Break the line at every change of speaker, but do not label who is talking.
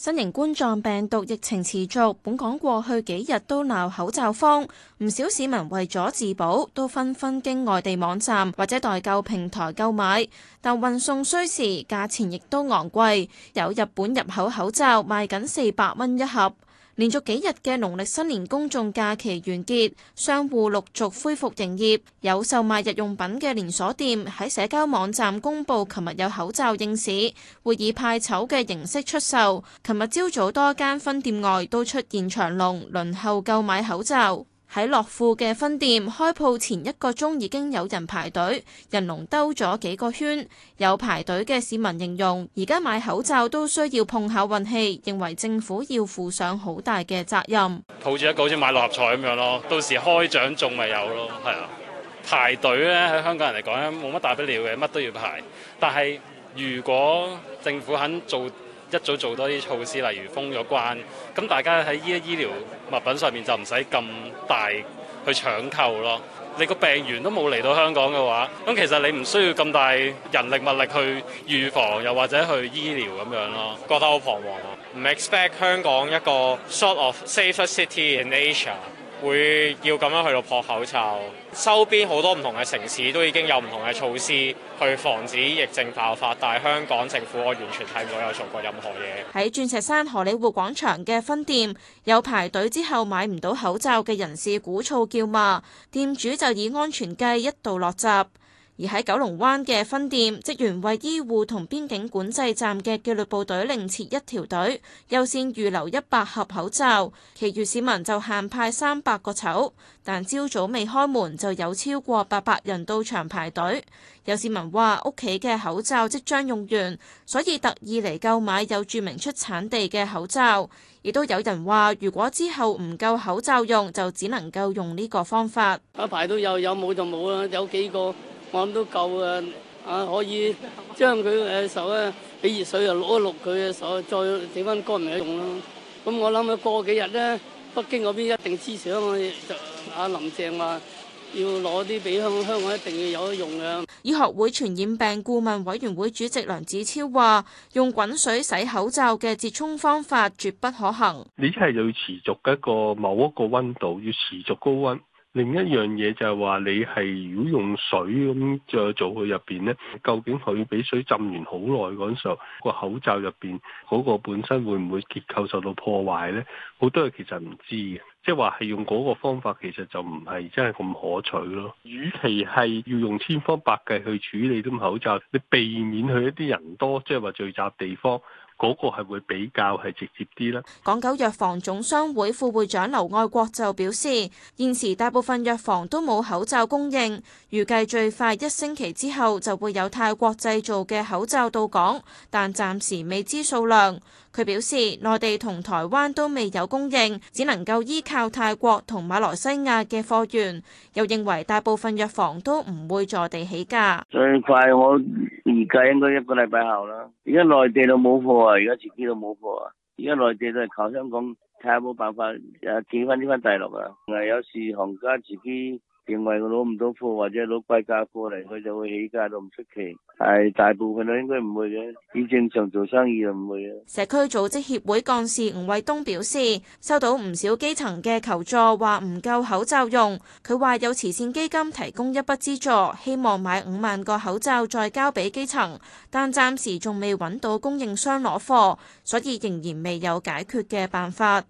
新型冠狀病毒疫情持續，本港過去幾日都鬧口罩荒，唔少市民為咗自保，都紛紛經外地網站或者代購平台購買，但運送需時，價錢亦都昂貴，有日本入口口罩賣緊四百蚊一盒。連續幾日嘅農曆新年公眾假期完結，商戶陸續恢復營業。有售賣日用品嘅連鎖店喺社交網站公佈，琴日有口罩應市，會以派籌嘅形式出售。琴日朝早多間分店外都出現長龍，輪候購買口罩。喺樂富嘅分店開鋪前一個鐘已經有人排隊，人龍兜咗幾個圈。有排隊嘅市民形容，而家買口罩都需要碰巧運氣，認為政府要負上好大嘅責任。
抱住一個好似買六合彩咁樣咯，到時開獎仲咪有咯，係啊。排隊咧喺香港人嚟講咧冇乜大不了嘅，乜都要排。但係如果政府肯做。一早做多啲措施，例如封咗關，咁大家喺依啲醫療物品上面就唔使咁大去搶購咯。你個病源都冇嚟到香港嘅話，咁其實你唔需要咁大人力物力去預防，又或者去醫療咁樣咯。覺得好彷徨，唔 expect 香港一個 sort of safest city in Asia。會要咁樣去到撲口罩，周邊好多唔同嘅城市都已經有唔同嘅措施去防止疫症爆發，但係香港政府我完全睇唔到有做過任何嘢。
喺鑽石山荷里活廣場嘅分店，有排隊之後買唔到口罩嘅人士鼓噪叫罵，店主就以安全計一度落閘。而喺九龍灣嘅分店，職員為醫護同邊境管制站嘅紀律部隊另設一條隊，優先預留一百盒口罩，其餘市民就限派三百個籌。但朝早未開門就有超過八百人到場排隊。有市民話屋企嘅口罩即將用完，所以特意嚟購買有注明出產地嘅口罩。亦都有人話，如果之後唔夠口罩用，就只能夠用呢個方法。一排都有，有冇就冇啦，有幾個。我諗都夠啊！啊，可以將佢嘅手咧，俾熱水又淥一淥佢嘅手，再整翻乾嚟用咯。咁我諗佢，過幾日咧，北京嗰邊一定支持啊！就阿林鄭話要攞啲俾香香港，一定要有得用嘅。醫學會傳染病顧問委員會主席梁子超話：用滾水洗口罩嘅折衷方法絕不可行。
你係要持續嘅一個某一個温度，要持續高温。另一樣嘢就係話，你係如果用水咁製作佢入邊呢，究竟佢俾水浸完好耐嗰陣時候，個口罩入邊嗰個本身會唔會結構受到破壞呢？好多嘢其實唔知嘅，即係話係用嗰個方法其實就唔係真係咁可取咯。與其係要用千方百計去處理啲口罩，你避免去一啲人多即係話聚集地方。嗰個係會比較係直接啲
啦。港九藥房總商會副會長劉愛國就表示，現時大部分藥房都冇口罩供應，預計最快一星期之後就會有泰國製造嘅口罩到港，但暫時未知數量。佢表示，內地同台灣都未有供應，只能夠依靠泰國同馬來西亞嘅貨源。又認為大部分藥房都唔會坐地起價。最
快我預計應該一個禮拜後啦，而家內地都冇貨。而家、哦、自己都冇貨啊，而家內地都係靠香港，睇下有冇辦法，誒，借翻呢番大陸啊，係、啊、有時行家自己。認為我攞唔到貨或者攞貴價過嚟，佢就會起價都唔出奇。係大部分啦，應該唔會嘅，以正常做生意就唔會嘅。
社區組織協會幹事吳衛東表示，收到唔少基層嘅求助，話唔夠口罩用。佢話有慈善基金提供一筆資助，希望買五萬個口罩再交俾基層，但暫時仲未揾到供應商攞貨，所以仍然未有解決嘅辦法。